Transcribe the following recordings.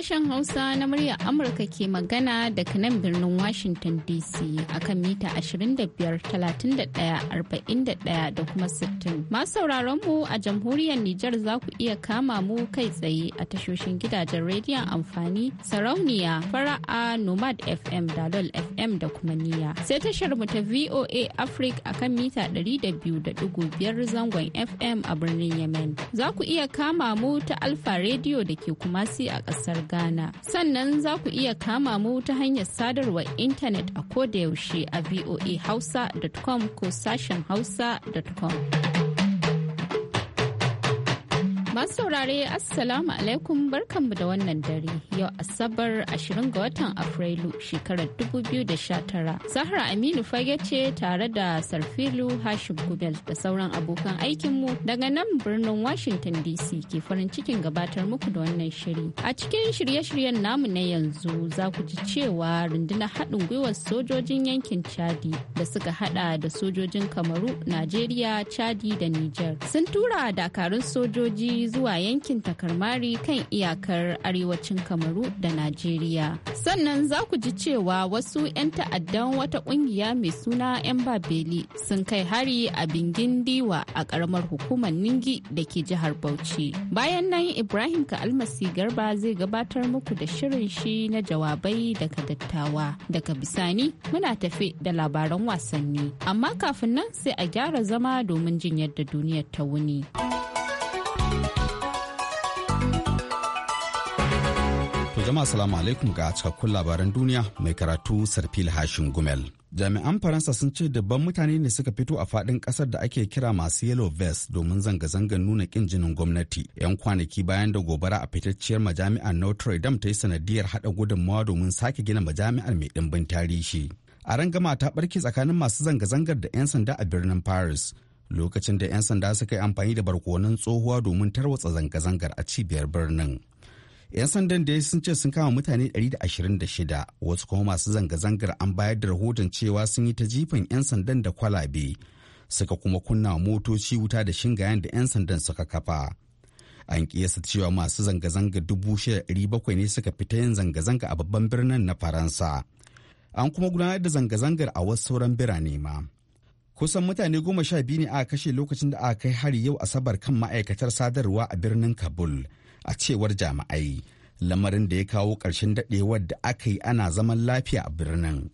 sashen Hausa na murya Amurka ke magana daga nan birnin Washington DC akan mita 25-31-41 da kuma 60. ma sauraron mu a jamhuriyar Nijar za ku iya kama mu kai tsaye a tashoshin gidajen rediyon amfani sarauniya fara'a Nomad FM Dalol FM da kuma niya. Sai tashar mu ta VOA Africa akan mita 200.5 zangon FM a birnin Yemen. Za ku iya kama mu ta Alfa Radio da ke Kumasi a ƙasar Ghana. Sannan za ku iya kama mu ta hanyar sadarwar intanet a kodayaushe a voahausa.com ko sashen hausa.com. Masu saurare Assalamu alaikum barkanmu da wannan dare yau Asabar 20 ga watan Afrilu shekarar 2019. Zahra Aminu fage ce tare da Sarfilu Hashim Gubel da sauran abokan aikinmu daga nan birnin Washington DC ke farin cikin gabatar muku da wannan shiri. A cikin shirye-shiryen namu na yanzu za ku ji cewa rundunar haɗin gwiwar sojojin yankin Chadi da suka haɗa da sojojin Kamaru, Najeriya, Chadi da Niger, sun tura dakarun sojoji zuwa yankin takarmari kan iyakar arewacin kamaru da najeriya sannan za ku ji cewa wasu 'yan ta'addan wata kungiya mai suna 'yan babeli sun kai hari a bingin diwa a karamar hukumar ningi da ke jihar bauchi bayan nan ibrahim ka almasi garba zai gabatar muku da shirin shi na jawabai daga dattawa daga bisani muna tafe da labaran wasanni amma kafin nan sai a gyara zama domin jin yadda duniyar ta wuni. To jama'a salamu alaikum ga cikakkun labaran duniya mai karatu Sarfil Hashin Gumel. Jami'an Faransa sun ce dabban mutane ne suka fito a fadin kasar da ake kira masu yellow vest domin zanga-zangar nuna kin jinin gwamnati. 'Yan kwanaki bayan da gobara a fitacciyar majami'ar Notre Dame ta yi sanadiyar haɗa gudunmawa domin sake gina majami'ar mai ɗimbin tarihi. A ran gama ta barke tsakanin masu zanga-zangar da 'yan sanda a birnin Paris. Lokacin da 'yan sanda suka yi amfani da barkonon tsohuwa domin tarwatsa zanga-zangar a cibiyar birnin. 'Yan sandan da sun ce sun kama mutane 126 wasu kuma masu zanga-zangar an bayar da rahoton cewa sun yi ta jifan 'yan sandan da kwalabe suka kuma kunna motoci wuta da shingayen da 'yan sandan suka kafa. An kiyasta cewa masu zanga-zanga 6,700 ne suka fita yin zanga-zanga a babban birnin na Faransa. An kuma gudanar da zanga-zangar a wasu sauran birane ma. kusan mutane goma sha biyu ne aka kashe lokacin da aka kai hari yau asabar kan ma'aikatar sadarwa a birnin kabul a cewar jami'ai lamarin da ya kawo ƙarshen daɗewar da aka yi ana zaman lafiya a birnin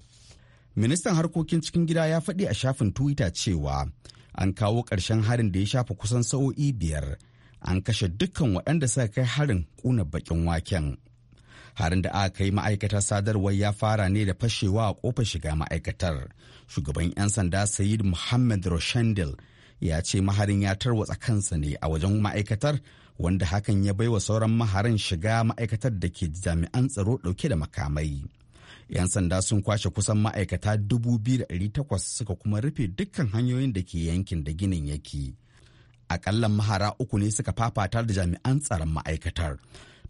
ministan harkokin cikin gida ya faɗi a shafin twitter cewa an kawo ƙarshen harin da ya shafa kusan sa'o'i biyar an kashe dukkan waɗanda suka kai harin ƙuna baƙin waken harin da aka kai ma'aikatar sadarwar ya fara ne da fashewa a kofar shiga ma'aikatar shugaban 'yan sanda sayid muhammad roshendil ya ce maharin ya tarwatsa kansa ne a wajen ma'aikatar wanda hakan ya baiwa sauran maharan shiga ma'aikatar da ke jami'an tsaro ɗauke da makamai. 'Yan sanda sun kwashe kusan ma'aikata dubu takwas suka kuma rufe dukkan hanyoyin da ke yankin da ginin yake. Akalla mahara uku ne suka fafata da jami'an tsaron ma'aikatar.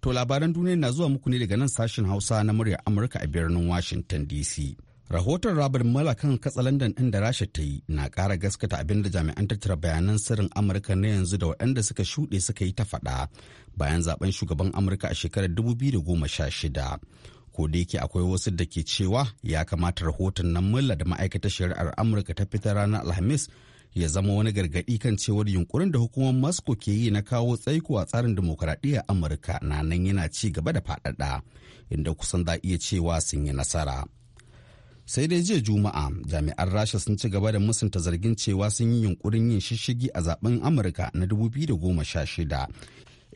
To labaran duniya na zuwa muku ne daga nan sashen Hausa na muryar Amurka a birnin Washington DC. Rahoton Robert Mulla kan katsalandan ɗin da Rasha ta yi na kara gaskata abin da jami'an tattara bayanan sirrin Amurka na yanzu da waɗanda suka shuɗe suka yi ta faɗa bayan zaben shugaban Amurka a shekarar 2016. Ko da yake akwai wasu da ke cewa ya kamata rahoton nan Mulla da ma'aikatar shari'ar Amurka ta fitar ranar Alhamis ya zama wani gargaɗi kan cewar yunkurin da hukumar Moscow ke yi na kawo tsaiko a tsarin dimokuraɗiyya Amurka na nan yana ci gaba da faɗaɗa inda kusan za iya cewa sun yi nasara. sai dai jiya juma'a jami'an rasha sun ci gaba da musunta zargin cewa sun yi yunkurin yin shishigi a zaben amurka na 2016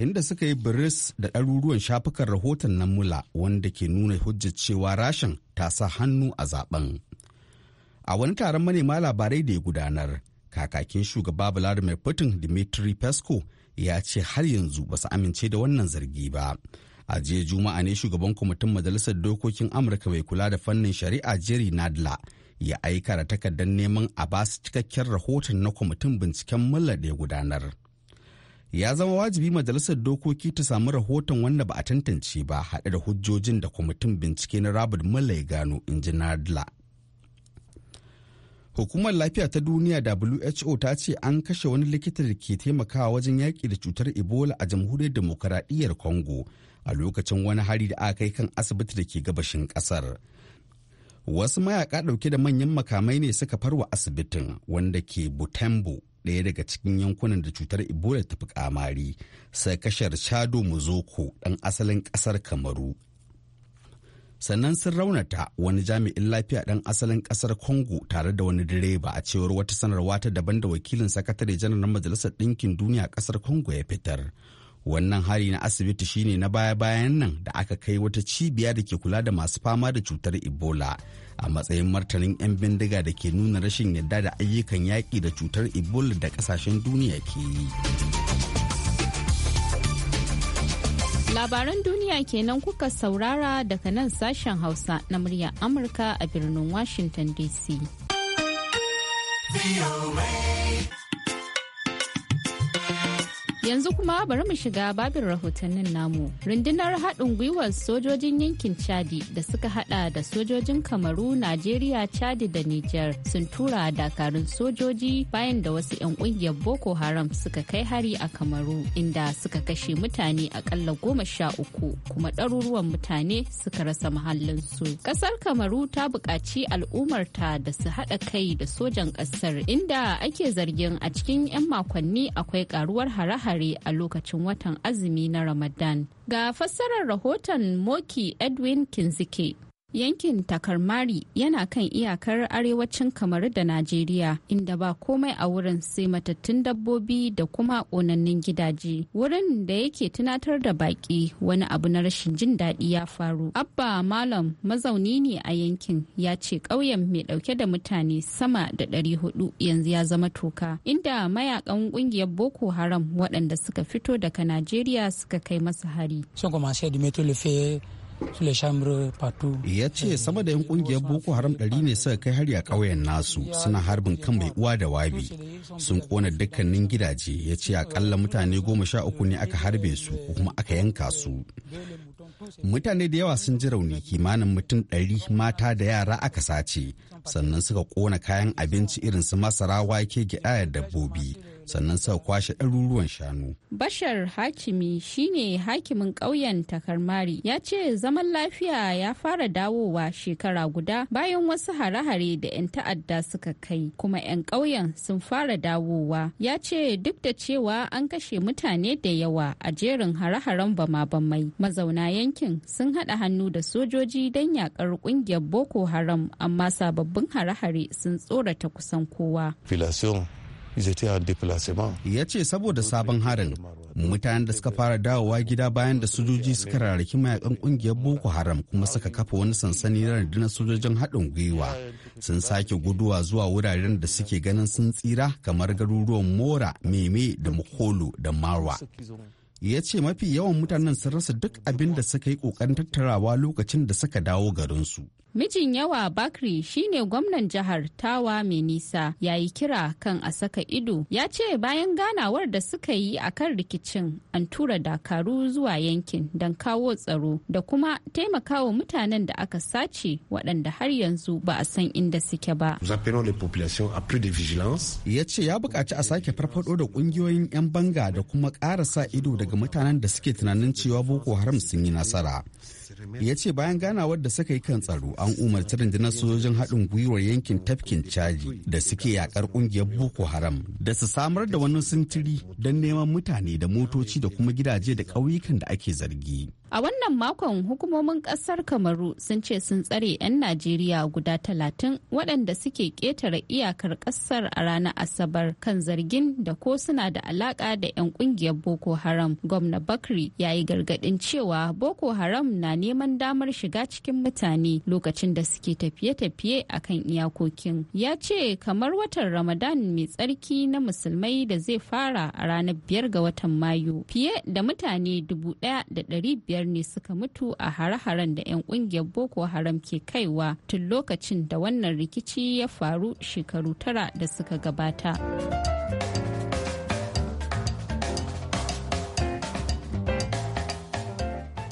inda suka yi biris da ɗaruruwan shafukan rahoton na mula wanda ke nuna hujjar cewa rashin ta sa hannu a zaben a wani taron manema labarai da ya gudanar kakakin shugaba vladimir putin dimitri pesco ya ce har yanzu ba su amince da wannan zargi ba a jiya juma'a ne shugaban kwamitin majalisar dokokin amurka mai kula da fannin shari'a jerry nadler ya aika da takardar neman a basu cikakken rahoton na kwamitin binciken mullar da ya gudanar ya zama wajibi majalisar dokoki ta samu rahoton wanda ba a tantance ba haɗe da hujjojin da kwamitin bincike na robert mulla ya gano in ji nadler hukumar lafiya ta duniya who ta ce an kashe wani likita da ke taimakawa wajen yaƙi da cutar ebola a jamhuriyar demokaradiyyar congo a lokacin wani hari da aka kai kan asibiti da ke gabashin kasar. Wasu mayaka ɗauke da manyan makamai ne suka farwa asibitin wanda ke Butembo ɗaya daga cikin yankunan da cutar Ebola ta fi kamari sai kashar Chado Muzoko ɗan asalin ƙasar Kamaru. Sannan sun raunata wani jami'in lafiya ɗan asalin ƙasar Congo tare da wani direba a cewar wata sanarwa ta daban da wakilin sakatare janar na Majalisar Ɗinkin Duniya ƙasar Congo ya fitar. wannan hari na asibiti shine na baya-bayan nan da aka kai wata cibiya da ke kula da masu fama da cutar ebola a matsayin martanin 'yan bindiga da ke nuna rashin yadda da ayyukan yaƙi da cutar ebola da ƙasashen duniya ke yi labaran duniya kenan kuka saurara daga nan sashen hausa na murya amurka a birnin washington dc Yanzu kuma bari mu shiga babin rahotannin namu. Rundunar haɗin gwiwar sojojin yankin Chadi da suka haɗa da sojojin Kamaru, Najeriya, Chadi da Nijar sun tura dakarun sojoji bayan da wasu 'yan ƙungiyar Boko Haram suka kai hari a Kamaru inda suka kashe mutane akalla goma sha uku kuma ɗaruruwan mutane suka rasa mahallinsu. Ƙasar Kamaru ta buƙaci al'ummarta da su haɗa kai da sojan ƙasar inda ake zargin a cikin 'yan makonni akwai ƙaruwar haraha. kare a lokacin watan azumi na Ramadan. Ga fassarar rahoton Moki Edwin Kinzike. Yankin Takarmari yana kan iyakar arewacin kamar da Najeriya inda ba komai a wurin sai matattun dabbobi da kuma ƙonannin gidaje. Wurin da yake tunatar da baƙi wani abu na rashin jin daɗi ya faru. Abba Malam mazauni ne a yankin ya ce ƙauyen mai ɗauke da mutane sama da ɗari hudu yanzu ya zama toka. Inda mayakan ƙungiyar Boko Haram waɗanda suka fito daga Najeriya suka kai masa hari. ya ce sama da 'yan kungiyar boko haram ɗari ne suka kai hari a ƙauyen nasu suna harbin kan mai uwa da wabi sun kona dukkanin gidaje ya ce akalla mutane goma sha uku ne aka harbe su kuma aka yanka su mutane da yawa sun ji rauni kimanin mutum ɗari mata da yara aka sace sannan suka kona kayan abinci irin su masara wake gida da dabbobi sannan sau kwashe ɗaruruwan shanu. Bashar Hakimi shine hakimin ƙauyen Takarmari ya ce zaman lafiya ya fara dawowa shekara guda bayan wasu hare-hare da 'yan ta'adda suka kai kuma 'yan ƙauyen sun fara dawowa ya ce duk da cewa an kashe mutane da yawa a jerin hare-haren bama-bamai mazauna yankin sun haɗa hannu da sojoji don yaƙar ƙungiyar Boko Haram amma sababbin hare-hare sun tsorata kusan kowa. ya ce saboda sabon harin mutanen da suka fara dawowa gida bayan da sojoji suka rarraki mayakan kungiyar boko haram kuma suka kafa wani sansani na sojojin haɗin gwiwa sun sake guduwa zuwa wuraren da suke ganin sun tsira kamar garuruwan mora meme da mukolo da marwa ya ce mafi yawan mutanen sun rasa duk abin da suka yi ƙoƙarin tattarawa lokacin da suka dawo garinsu Mijin yawa Bakri shine gwamnan jihar Tawa mai nisa ya yi kira kan a saka ido ya ce bayan ganawar da suka yi a kan rikicin an tura dakaru zuwa yankin don kawo tsaro da kuma taimakawa mutanen da aka sace waɗanda har yanzu ba a san inda suke ba. Ya ce ya buƙaci a sake farfado da ƙungiyoyin 'yan banga da kuma ƙara sa ido daga mutanen da suke tunanin cewa Boko Haram sun yi nasara. ya ce bayan ganawar da suka yi kan tsaro an umarci rundunar sojojin haɗin gwiwar yankin tafkin caji da suke yakar ƙungiyar boko haram da su samar da wani sintiri don neman mutane da motoci da kuma gidaje da ƙauyukan da ake zargi A wannan makon hukumomin kasar Kamaru sun ce sun tsare 'yan Najeriya guda talatin waɗanda suke ƙetare iyakar ƙasar a ranar Asabar kan zargin da ko suna da alaƙa da 'yan ƙungiyar Boko Haram. Gwamna Bakri ya yi gargaɗin cewa Boko Haram na neman damar shiga cikin mutane lokacin da suke tafiye-tafiye a kan iyakokin. Ya ce kamar watan Ramadan mai tsarki na musulmai da zai fara a ranar biyar ga watan Mayu fiye da mutane dubu ɗaya da ɗari biyar biyar ne suka mutu a hare-haren da 'yan kungiyar boko haram ke kaiwa tun lokacin da wannan rikici ya faru shekaru tara da suka gabata.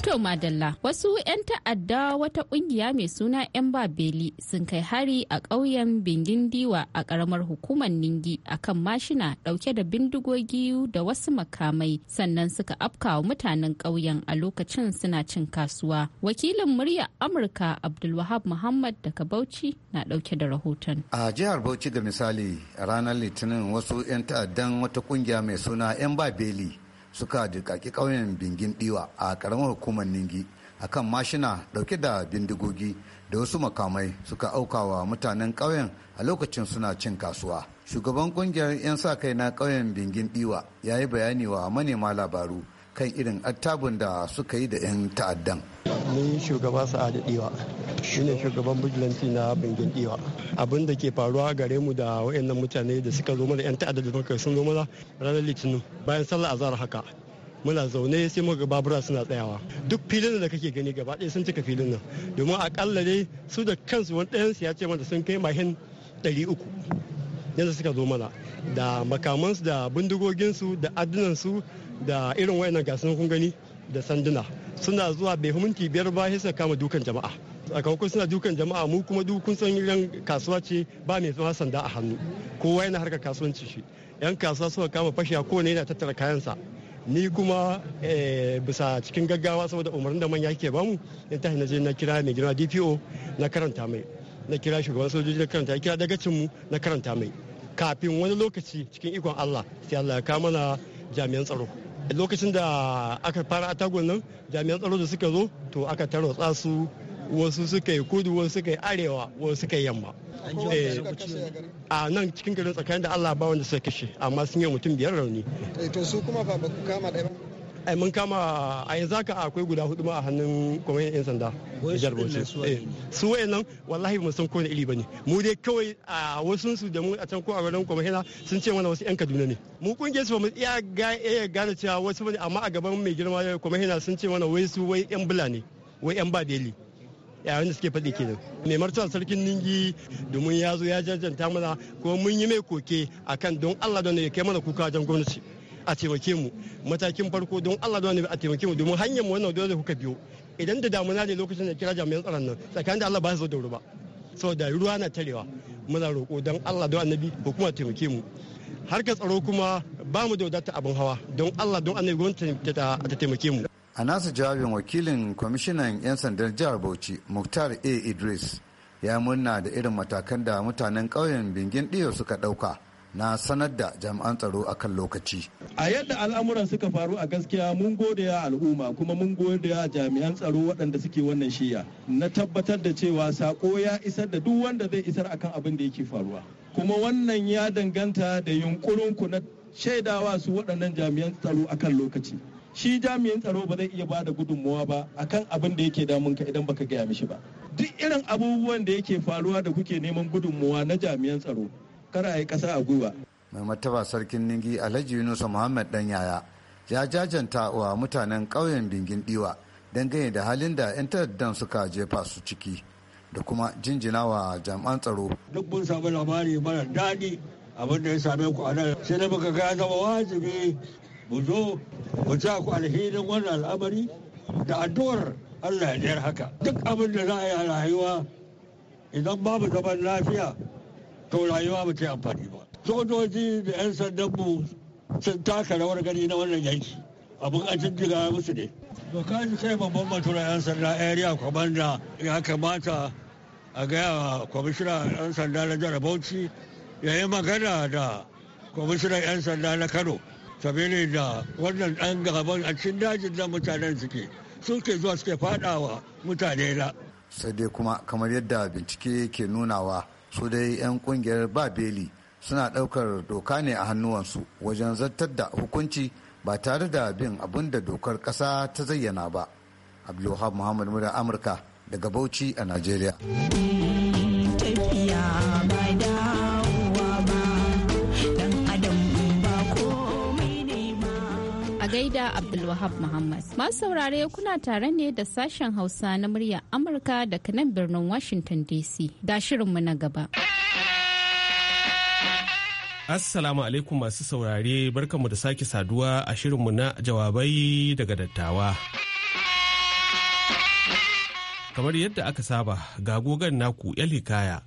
To Madalla, wasu 'yan ta'adda wata kungiya mai suna 'yan Babeli sun kai hari a ƙauyen Bingin Diwa a ƙaramar hukumar Ningi a kan mashina ɗauke da bindigogi da wasu makamai sannan suka afkawa mutanen ƙauyen a lokacin suna cin kasuwa. Wakilin murya Amurka Abdulwahab Muhammad daga Bauchi na ɗauke da rahoton. A jihar Bauchi ga misali ranar Litinin wasu 'yan ta'addan wata kungiya mai suna 'yan Babeli suka jikaki ƙauyen bingin diwa a ƙaramar hukumar ningi a kan mashina ɗauke da bindigogi da wasu makamai suka aukawa mutanen ƙauyen a lokacin suna cin kasuwa shugaban ƙungiyar 'yan sa kai na ƙauyen bingin diwa ya yi bayani wa manema labaru kan irin attabun da suka yi da 'yan ta'addan. ni shugaba sa'adu diwa shi ne shugaban vigilante na bangin diwa abin da ke faruwa gare mu da wayannan mutane da suka zo mana 'yan ta'adda da suka sun zo mana ranar litinin bayan sallah zara haka muna zaune sai muka babura suna tsayawa duk filin da kake gani gaba ɗaya sun cika filin nan domin akalla dai su da kansu wani su ya ce mana sun kai mahin ɗari uku yanzu suka zo mana da makamansu da bindigoginsu da adunansu da irin wayannan gasar kun gani da sanduna suna zuwa bai minti biyar ba sai kama dukan jama'a sakamakon suna dukan jama'a mu kuma duk kun san irin kasuwa ce ba mai zuwa sanda a hannu kowa yana harkar kasuwanci shi yan kasuwa suka kama fashiya kowane yana tattara kayansa ni kuma eh, bisa cikin gaggawa saboda umarnin da manya ke bamu in tashi na je na kira mai girma dpo na karanta mai na kira shugaban sojoji na karanta kira dagacin mu na karanta mai kafin wani lokaci cikin ikon allah sai allah ya kama na jami'an tsaro lokacin da aka fara atagon nan jami'an tsaro da suka zo to aka tarwatsa su wasu suka yi kudu wasu suka yi arewa wasu suka yi yamma eh, a nan cikin garin tsakanin da allah ba wanda suka kashe amma sun yi mutum biyar rauni eh, to su kuma ba ku kama ɗaya ba ai mun kama a yanzu haka akwai guda hudu ma a hannun kwamayin yan sanda jihar bauchi su eh, nan wallahi ba san kowane iri bane mu dai kawai a wasu su da mu a can ko a wurin kwamayin sun ce mana wasu yan kaduna ne mu kungiyar su ba mu iya gane cewa wasu bane amma a gaban mai girma kwamayin sun ce mana wai su wai yan bula ne wai yan ba deli yayin da suke faɗi kenan mai martaba sarkin ningi domin ya zo ya jajanta mana kuma mun yi mai koke akan don allah don ya kai mana kuka wajen gwamnati a taimake mu matakin farko don Allah don a taimake mu domin hanyar mu wannan dole kuka biyo idan da damuna ne lokacin da kira jami'an tsaron nan tsakanin da Allah ba su zo da ruwa saboda ruwa na tarewa muna roƙo don Allah don annabi hukuma taimake mu harkar tsaro kuma ba mu da wadata abin hawa don Allah don annabi gwamnati ta taimake mu a nasa jawabin wakilin kwamishinan 'yan sandar jihar bauchi muktar a idris ya murna da irin matakan da mutanen ƙauyen bingin Diyo suka ɗauka na sanar da jami'an tsaro akan lokaci. A yadda al'amuran suka faru a gaskiya mun gode ya al'umma kuma mun gode ya jami'an tsaro waɗanda suke wannan shiya na tabbatar da cewa sako ya isar da duk wanda zai isar akan abin da yake faruwa. Kuma wannan ya danganta da ku na shaidawa su waɗannan jami'an tsaro akan lokaci. Shi jami'in tsaro ba zai iya ba da gudunmawa ba akan abin da yake damun ka idan baka gaya mishi ba. Duk irin abubuwan da yake faruwa da kuke neman gudunmawa na jami'an tsaro kar a yi ƙasa a gwiwa. mai mataba sarkin ningi alhaji yunusa muhammad dan yaya ya jajanta wa mutanen ƙauyen bingin diwa dangane da halin da 'yan ta'addan suka jefa su ciki da kuma jinjina wa jami'an tsaro duk mun sami labari mara daɗi abin da ya same ku a nan sai da muka ga zama wajibi mu zo mu ja ku alhinin wannan al'amari da addu'ar Allah ya haka duk abin da za a yi a rayuwa idan babu zaman lafiya to rayuwa ba ta amfani ba sojoji da 'yan sandanmu sun taka rawar gani na wannan yanki abin a jiga musu ne to kaji kai babban batura 'yan sanda area kwamanda ya kamata a gaya wa kwamishina 'yan sanda na jihar bauchi ya yi magana da kwamishina 'yan sanda na kano sabili da wannan dan gaban a cikin dajin da mutanen suke suke zuwa suke fadawa mutane na sai dai kuma kamar yadda bincike ke nunawa su dai 'yan kungiyar ba beli suna ɗaukar doka ne a hannuwansu wajen zartar da hukunci ba tare da bin abin da dokar ƙasa ta zayyana ba abdulwahab muhammad muda amurka daga bauchi a nigeria. ba. Shaida Abdulwahab Muhammad. Masu saurare kuna tare ne da sashen Hausa na murya Amurka daga nan birnin Washington DC. da shirinmu na gaba. Assalamu alaikum masu saurare barkanmu da sake saduwa a shirinmu na jawabai daga dattawa. Kamar yadda aka saba, ga gogan naku 'yan hikaya.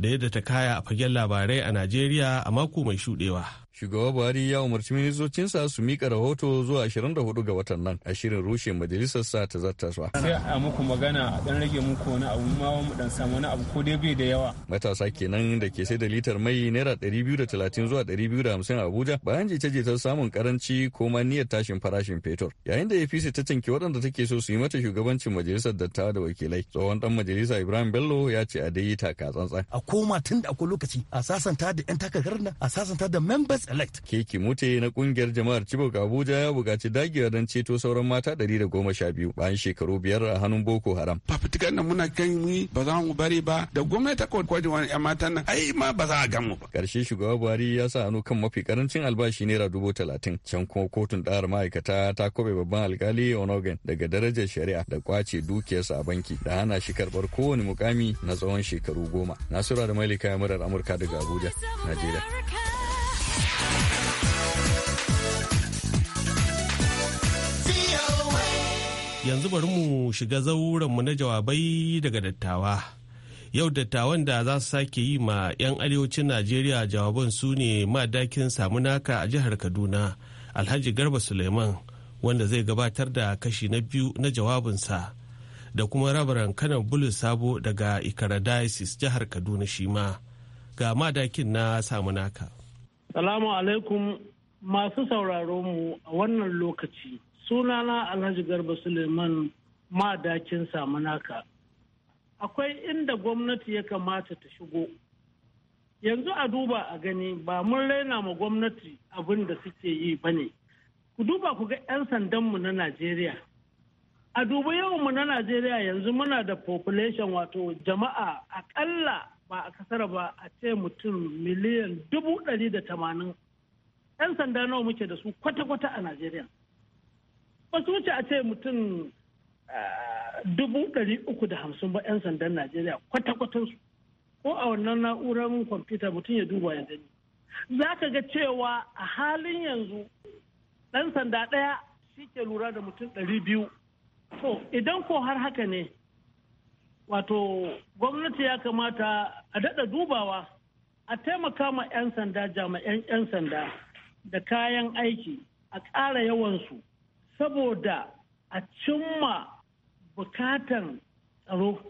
da yadda ta kaya a fagen labarai a Najeriya a mako mai shuɗewa. Shugaba Buhari ya umarci ministocinsa su mika rahoto zuwa 24 ga watan nan a shirin rushe majalisar sa ta su. Sai a muku magana a dan rage muku wani abu ma mu dan samu wani abu ko dai bai da yawa. Matasa kenan da ke sai da litar mai naira 230 zuwa 250 a Abuja bayan jita ta samun karanci ko ma niyyar tashin farashin fetur. Yayin da APC ta canki waɗanda take so su yi mata shugabancin majalisar dattawa da wakilai. Tsohon dan majalisa Ibrahim Bello ya ce a dai taka tsantsan. A koma tun da akwai lokaci a sasanta da 'yan takarkar a sasanta da members Elect. keki mute na kungiyar jama'ar chibok abuja ya buƙaci dagewa don ceto sauran mata da goma biyu. bayan shekaru biyar a hannun boko haram fafutukan nan muna kan yi ba za mu bari ba da gwamnati ko kwaje wani yan matan nan ai ma ba za a gan ba karshe shugaban buhari ya sa hannu kan mafi karancin albashi naira dubu talatin can kuma kotun ɗahar ma'aikata ta kwaɓe babban alkali onogan daga darajar shari'a da kwace dukiyarsa a banki da hana shi karɓar kowane mukami na tsawon shekaru goma nasura da mailika murar amurka daga abuja najeriya Yanzu bari mu shiga zauranmu na jawabai daga dattawa. Yau dattawan da za su sake yi ma 'yan arewacin Najeriya jawaban su ne madakin samunaka a jihar Kaduna, Alhaji Garba Suleiman, wanda zai gabatar da kashi na biyu na jawabinsa. da kuma rabaran kanan bulus sabo daga ikara diocese jihar kaduna shima ga madakin na samunaka Salamu alaikum masu sauraro mu a wannan lokaci. Sunana Alhaji Garba Suleiman madakin samunaka. Akwai inda gwamnati ya kamata ta shigo. Yanzu a duba a gani ba mun raina ma gwamnati abin da suke yi ba ne. Ku duba ku ga 'yan sandanmu na Najeriya. A duba yawanmu na Najeriya yanzu muna da population wato jama'a akalla ba a kasar ba a ce mutum miliyan dubu ɗari da tamanin 'yan sanda nawa muke da su kwata-kwata a najeriya ba su wuce a ce mutum ah, dubu ɗari uku da hamsin ba 'yan sandan najeriya kwata-kwatan su ko a wannan na'urar kwamfuta mutum ya duba ya gani za ka ga cewa a halin yanzu ɗan sanda ɗaya shi ke lura da mutum ɗari biyu to idan ko har haka ne wato gwamnati ya kamata a daɗa dubawa a taimaka ma 'yan sanda jami'an 'yan sanda da kayan aiki a ƙara yawansu saboda a cimma bukatan tsaro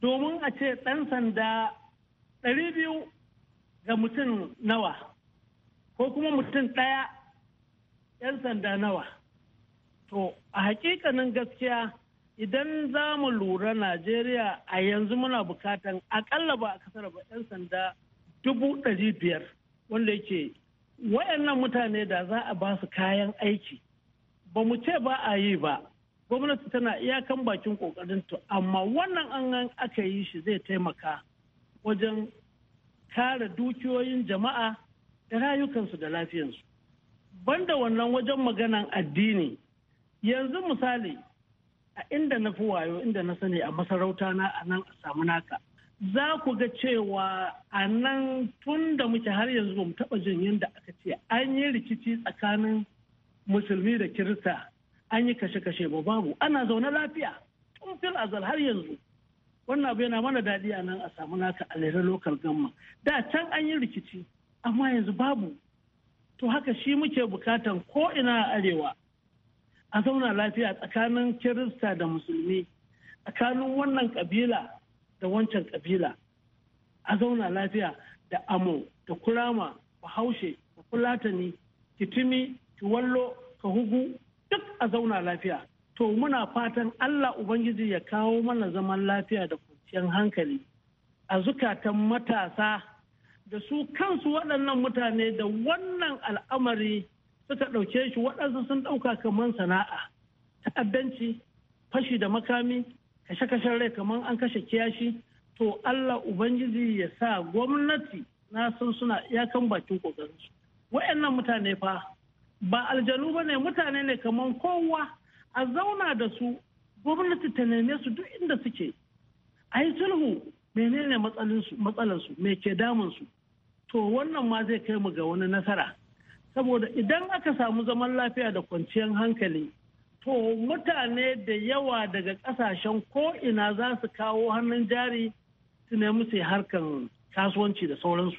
domin a ce ɗan sanda ɗari biyu ga mutum nawa ko kuma mutum ɗaya 'yan sanda nawa to a hakikanin gaskiya idan za mu lura najeriya a yanzu muna bukatan akalla ba a kasar ba 'yan sanda dubu ɗari biyar wanda yake wayannan mutane da za a ba su kayan aiki ba mu ce ba a yi ba gwamnati tana iyakan bakin to amma wannan an aka yi shi zai taimaka wajen kare dukiyoyin jama'a da rayukansu da lafiyansu banda wannan wajen maganan addini yanzu misali a inda na fi wayo inda na sani a masarauta na a nan a samu naka za ku ga cewa a nan tun da muke har yanzu ba mu taɓa jin yadda aka ce an yi rikici tsakanin musulmi da kirista an yi kashe-kashe ba babu ana zaune lafiya tun fil azal har yanzu wannan abu yana mana daɗi a nan a samu naka a lera lokal gamma da can an yi rikici amma yanzu babu to haka shi muke bukatan ko ina a arewa a zauna lafiya tsakanin kirista da musulmi tsakanin wannan kabila da wancan kabila a zauna lafiya da amo da kurama bahaushe da fulatani kitimi kiwallo hugu duk a zauna lafiya to muna fatan allah ubangiji ya kawo mana zaman lafiya da kwanciyar hankali a zukatan matasa da su kansu waɗannan mutane da wannan al'amari suka ɗauke shi waɗansu sun ɗauka kamar sana'a ta'addanci fashi da makami kashe-kashen rai kamar an kashe kiyashi to Allah Ubangiji ya sa gwamnati na san suna iyakan bakin ƙoƙarinsu. Wa'annan mutane fa ba aljanu ba ne mutane ne kamar kowa a zauna da su gwamnati ta neme su duk inda suke. A yi sulhu menene matsalarsu me ke damunsu. To wannan ma zai kai mu ga wani nasara. saboda idan aka samu zaman lafiya da kwanciyar hankali to mutane da yawa daga kasashen ko'ina za su kawo hannun jari su nemi su harkar kasuwanci da sauransu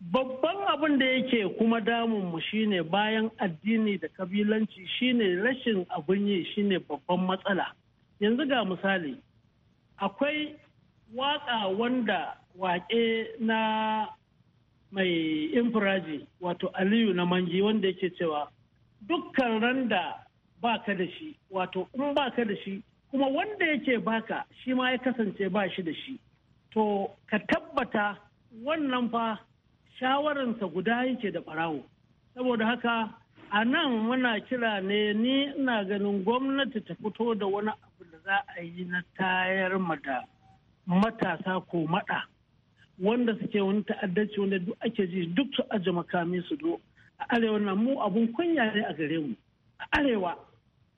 babban abin da yake kuma damunmu shine bayan addini da kabilanci shine rashin abin yi shine babban matsala yanzu ga misali akwai waka wanda wake na mai infiraji wato aliyu na manji wanda yake cewa dukkan randa ba ka da shi wato in ba ka da shi kuma wanda yake baka shi ma ya kasance ba shi da shi to ka tabbata wannan fa shawararsa guda yake da ɓarawo saboda haka a nan muna kira ne ni ina ganin gwamnati ta fito da wani abu da za a yi na tayar da matasa ko maɗa wanda suke wani ta'addanci wanda duk ake ji duk su aje makami su do a arewa na mu abun kunya ne a gare mu a arewa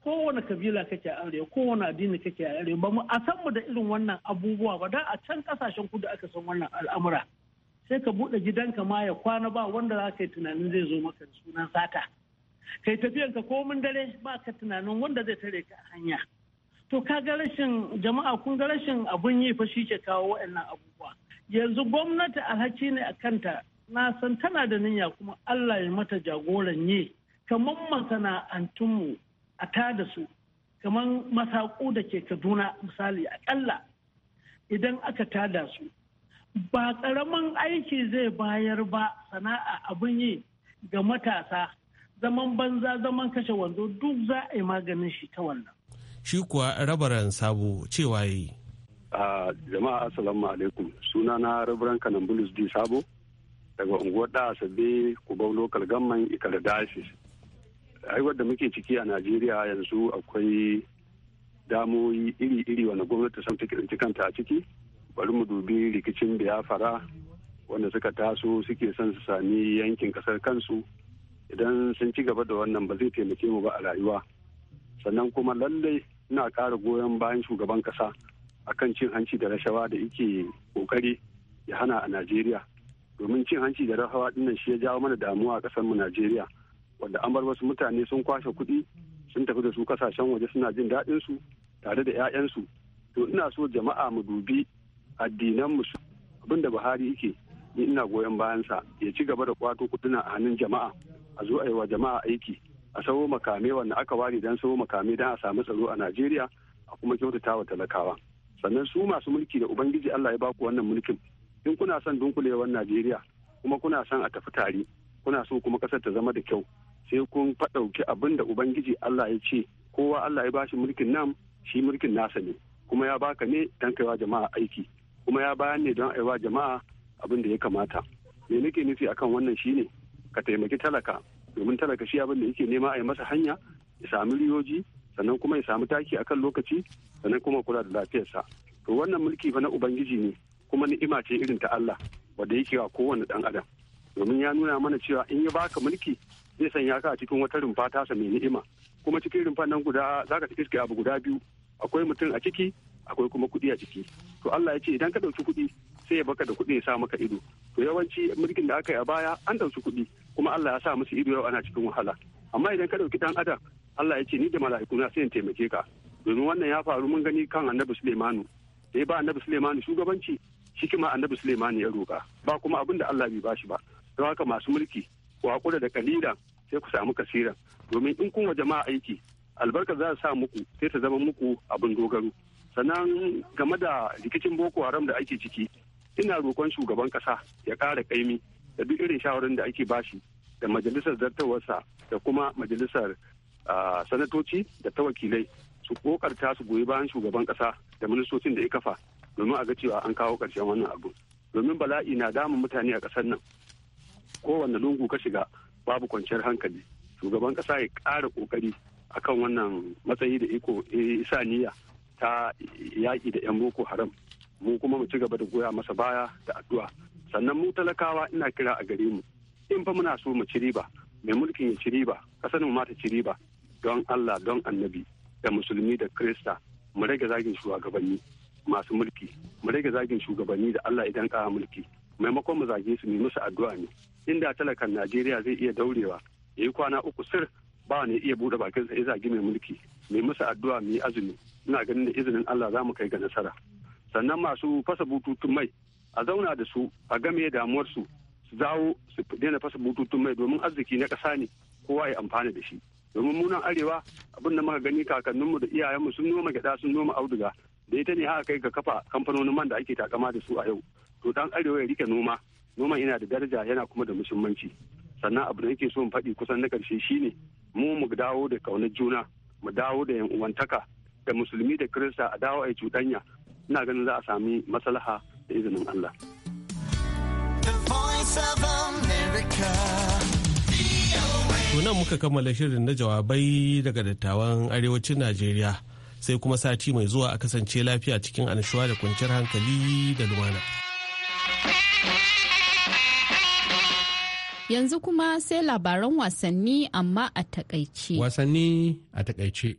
kowane kabila kake a arewa kowane addini kake a arewa ba mu a san mu da irin wannan abubuwa ba da a can kasashen kudu aka san wannan al'amura sai ka buɗe ka ma ya kwana ba wanda za ka yi tunanin zai zo maka da sunan sata kai tafiyan ka ko mun dare ba ka tunanin wanda zai tare ka a hanya to ka ga rashin jama'a kun ga rashin abun yi fa shi ke kawo waɗannan abubuwa yanzu gwamnati alhaki ne a kanta na san tana da niyya kuma Allah ya mata jagoran ye kamar masana'antunmu a ta da su kamar masaƙo da ke kaduna misali aƙalla idan aka tada su ba ƙaramin aiki zai bayar ba sana'a abin yi ga matasa zaman banza zaman kashe wando duk za a yi maganin shi ta wannan. Shi kuwa rabaran sabo cewa yi. a jama'a assalamu alaikum suna na rabran kanan di sabo daga unguwar da asabe kubau local gamman ikar dashis aiwar da muke ciki a najeriya yanzu akwai damoyi iri-iri wanda gwamnati sun ta kanta a ciki bari mu dubi rikicin biyafara wanda suka taso suke son su sami yankin kasar kansu idan sun ci gaba da wannan ba zai taimake mu ba a rayuwa sannan kuma lallai ina ƙara goyon bayan shugaban kasa akan cin hanci da rashawa da yake kokari ya hana a najeriya domin cin hanci da rashawa dinnan shi ya jawo mana damuwa a kasar mu najeriya wanda an bar wasu mutane sun kwashe kuɗi sun tafi da su kasashen waje suna jin daɗin su tare da 'ya'yansu to ina so jama'a mu dubi addinanmu su abinda buhari yake ni ina goyon bayansa ya ci gaba da kwato kuɗina a hannun jama'a a zo a yi wa jama'a aiki a sawo makame wanda aka ware don sawo makame don a samu tsaro a najeriya a kuma kyautata wa talakawa sannan su masu mulki da ubangiji Allah ya baku wannan mulkin in kuna son dunkulewar Najeriya kuma kuna son a tafi tare kuna so kuma kasar ta zama da kyau sai kun faɗauki abin da ubangiji Allah ya ce kowa Allah ya bashi mulkin nan shi mulkin nasa ne kuma ya baka ne don kaiwa jama'a aiki kuma ya bayan ne don aiwa jama'a abin da ya kamata me nake nufi akan wannan shine ka taimaki talaka domin talaka shi abin da yake nema a yi masa hanya ya sami riyoji sannan kuma ya samu taki akan lokaci sannan kuma kula da lafiyarsa to wannan mulki fa na ubangiji ne kuma ni'ima ce irin ta Allah wanda yake wa kowane dan adam domin ya nuna mana cewa in ya baka mulki zai sanya ka a cikin wata rumfa tasa mai ni'ima kuma cikin rumfan nan guda zaka ci iske abu guda biyu akwai mutum a ciki akwai kuma kuɗi a ciki to Allah ya ce idan ka ɗauki kuɗi sai ya baka da kuɗi ya sa maka ido to yawanci mulkin da aka yi a baya an ɗauki kuɗi kuma Allah ya sa musu ido yau ana cikin wahala amma idan ka ɗauki ɗan adam Allah ya ce ni da mala'iku na sai in taimake ka domin wannan ya faru mun gani kan annabi Sulaimanu da ya ba annabi Sulaimanu shugabanci shi kuma annabi Sulaimanu ya roka ba kuma abin da Allah bai bashi ba don haka masu mulki ku hakura da kalila sai ku samu kasira domin in kun wa jama'a aiki albarka za sa muku sai ta zama muku abin dogaro sannan game da rikicin boko haram da ake ciki ina roƙon shugaban ƙasa ya ƙara kaimi da duk irin shawarar da ake bashi da majalisar zartawarsa da kuma majalisar sanatoci da ta wakilai su kokarta su goyi bayan shugaban kasa da ministocin da ya kafa domin a ga cewa an kawo ƙarshen wannan abu domin bala'i na damun mutane a kasar nan kowanne lungu ka shiga babu kwanciyar hankali shugaban ƙasa ya ƙara ƙoƙari akan wannan matsayi da iko eh, isa niyya ta yaƙi da 'yan boko haram mu kuma mu ci gaba da goya masa baya da addu'a sannan mu talakawa ina kira a gare mu in fa muna so mu ci riba mai mulkin ya ci riba ƙasar mu ma ta ci riba don Allah don annabi da musulmi da krista mu rage zagin shugabanni masu mulki mu rage zagin shugabanni da Allah idan kawo mulki maimakon mu zage su musu addu'a ne inda talakan Najeriya zai iya daurewa yayi kwana uku sir ba ne iya bude bakin sa ya zagi mai mulki mai musu addu'a mu azumi ina ganin da izinin Allah za mu kai ga nasara sannan masu fasa bututun mai a zauna da su a game damuwar su su dawo su daina fasa bututun mai domin arziki na kasa ne kowa ya amfana da shi domin munan arewa abin da muka gani kakanninmu da iyayenmu sun noma gyada sun noma auduga da ita ne haka kai ga kafa kamfanonin man da ake takama da su a yau to dan arewa ya rike noma noman yana da daraja yana kuma da muhimmanci sannan abu da yake so mu faɗi kusan na ƙarshe shine mu mu dawo da kaunar juna mu dawo da yan uwantaka da musulmi da kirista a dawo a yi cuɗanya ina ganin za a sami maslaha da izinin Allah. The voice of America. tunan muka kammala shirin na jawabai daga dattawan arewacin najeriya sai kuma sati mai zuwa a kasance lafiya cikin annashuwa da kwanciyar hankali da lumana yanzu kuma sai labaran wasanni amma a takaice wasanni a takaice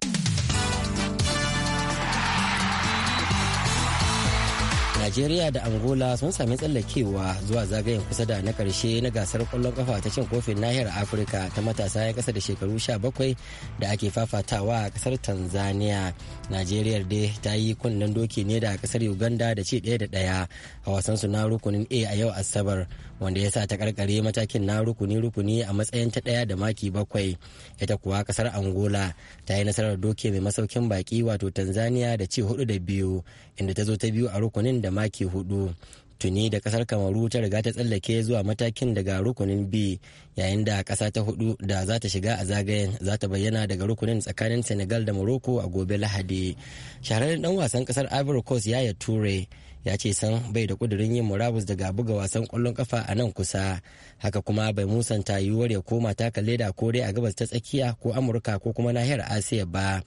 najeriya da angola sun sami tsallakewa zuwa zagayen kusa da na karshe na gasar kwallon kafa ta cin kofin nahiyar afirka ta matasa ya kasa da shekaru sha bakwai da ake fafatawa a kasar tanzania najeriya dai ta yi kunnen doki ne da kasar uganda da ci daya da ɗaya a wasan su na rukunin a a yau asabar wanda ya sa ta karkare matakin na rukuni-rukuni a matsayin ta ɗaya da maki bakwai ita kuwa kasar angola ta yi nasarar doke mai masaukin baki wato tanzania da ci hudu da biyu inda ta zo ta biyu a rukunin da maki hudu tuni da kasar kamaru ta riga ta tsallake zuwa matakin daga rukunin b yayin da kasa ta hudu da za ta shiga a zagayen za ta bayyana daga rukunin tsakanin senegal da morocco a gobe lahadi shahararren dan wasan kasar ivory coast yaya ture ya ce san bai da kudirin yin murabus daga buga wasan kwallon kafa a nan kusa haka kuma bai musanta yiwuwar ya koma taka leda ko dai a gabas ta tsakiya ko amurka ko kuma nahiyar asiya ba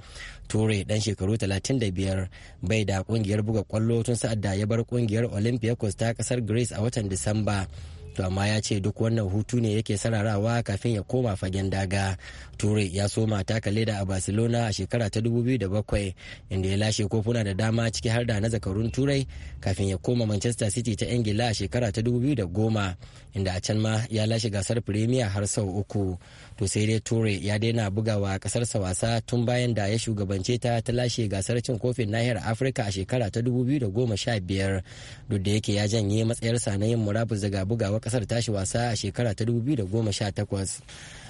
ture dan shekaru 35 bai da kungiyar buga kwallo tun sa'ad da ya bar kungiyar olympiacos ta kasar greece a watan disamba to amma ya ce duk wannan hutu ne yake sararawa kafin ya koma fagen daga ture ya soma taka leda a barcelona a shekara ta 2007 inda ya lashe kofuna da dama ciki har da na zakarun turai kafin ya koma manchester city ta ingila a shekara ta 2010 inda a can ma ya lashe gasar premier har sau uku to sai dai ture ya daina bugawa a kasarsa wasa tun bayan da ya shugabance ta ta lashe gasar cin kofin nahiyar afirka a shekara ta 2015 duk da yake ya janye matsayarsa na yin murabus daga bugawa kasar tashi wasa a shekara ta 2018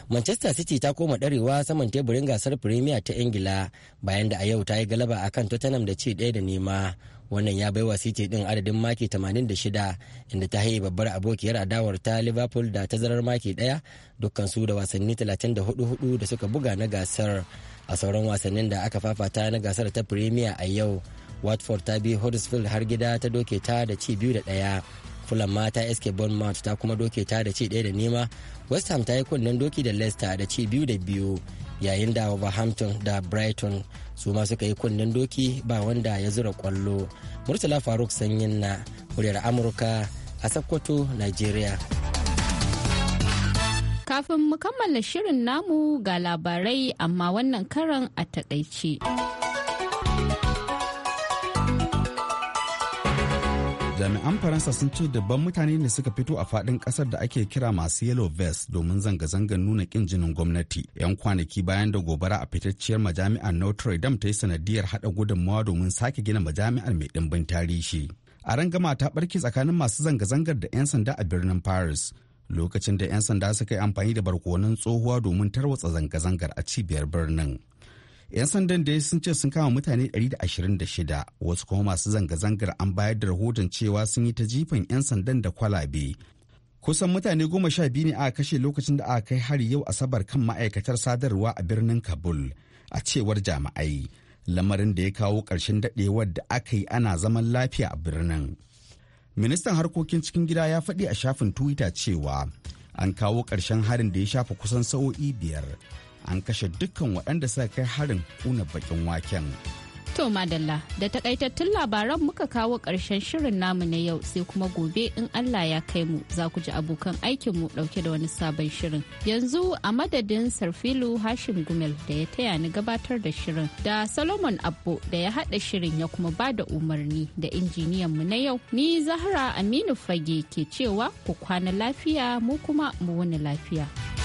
manchester city ta koma ɗarewa saman teburin gasar premier ta ingila bayan da a yau ta yi galaba a kan tottenham da ci daya da nema wannan ya baiwa city din adadin maki 86 inda ta haye babbar abokiyar adawar ta liverpool da tazarar maki daya dukkansu da wasanni 34 da suka buga na gasar a sauran wasannin da aka fafata na gasar ta premier a yau watford ta bi huddersfield har gida ta doke ta da ci biyu da ɗaya fulham ma ta sk bournemouth ta kuma doke ta da ci ɗaya da nema west ham ta yi kunnen doki da leicester da ci biyu da biyu yayin da Wolverhampton da Brighton su ma suka yi kunnen doki ba wanda ya zura kwallo. Murtala Faruk Sanyin na muryar Amurka a Sokoto, Nigeria. Kafin mu kammala shirin namu ga labarai amma wannan karan a takaice. jami'an faransa sun ce dabban mutane ne suka fito a fadin kasar da ake kira masu yellow vest domin zanga-zangar nuna kin jinin gwamnati yan kwanaki bayan da gobara a fitacciyar majami'ar notre dame ta yi sanadiyar hada gudunmawa domin sake gina majami'ar mai dimbin tarihi a rangama ta barke tsakanin masu zanga-zangar da 'yan sanda a birnin paris lokacin da 'yan sanda suka yi amfani da barkonon tsohuwa domin tarwatsa zanga-zangar a cibiyar birnin 'Yan sandan da sun ce sun kama mutane 126 wasu kuma masu zanga-zangar an bayar da rahoton cewa sun yi ta jifan 'yan sandan da kwalabe. Kusan mutane goma sha biyu ne aka kashe lokacin da aka kai hari yau Asabar kan ma'aikatar sadarwa a birnin Kabul a cewar jami'ai. Lamarin da ya kawo ƙarshen daɗewar da aka yi ana zaman lafiya a birnin. Ministan harkokin cikin gida ya faɗi a shafin Twitter cewa an kawo ƙarshen harin da ya shafa kusan sa'o'i biyar an kashe dukkan waɗanda suka kai harin kuna bakin waken. To Madalla, da takaitattun labaran muka kawo ƙarshen shirin namu na yau sai kuma gobe in Allah ya kai mu za ku ji abokan aikinmu ɗauke da wani sabon shirin. Yanzu a madadin Sarfilu Hashim Gumel da ya taya ni gabatar da shirin da Solomon Abbo da ya haɗa shirin ya kuma ba da umarni da injiniyan mu na yau. Ni Zahra Aminu Fage ke cewa ku kwana lafiya mu kuma mu wani lafiya.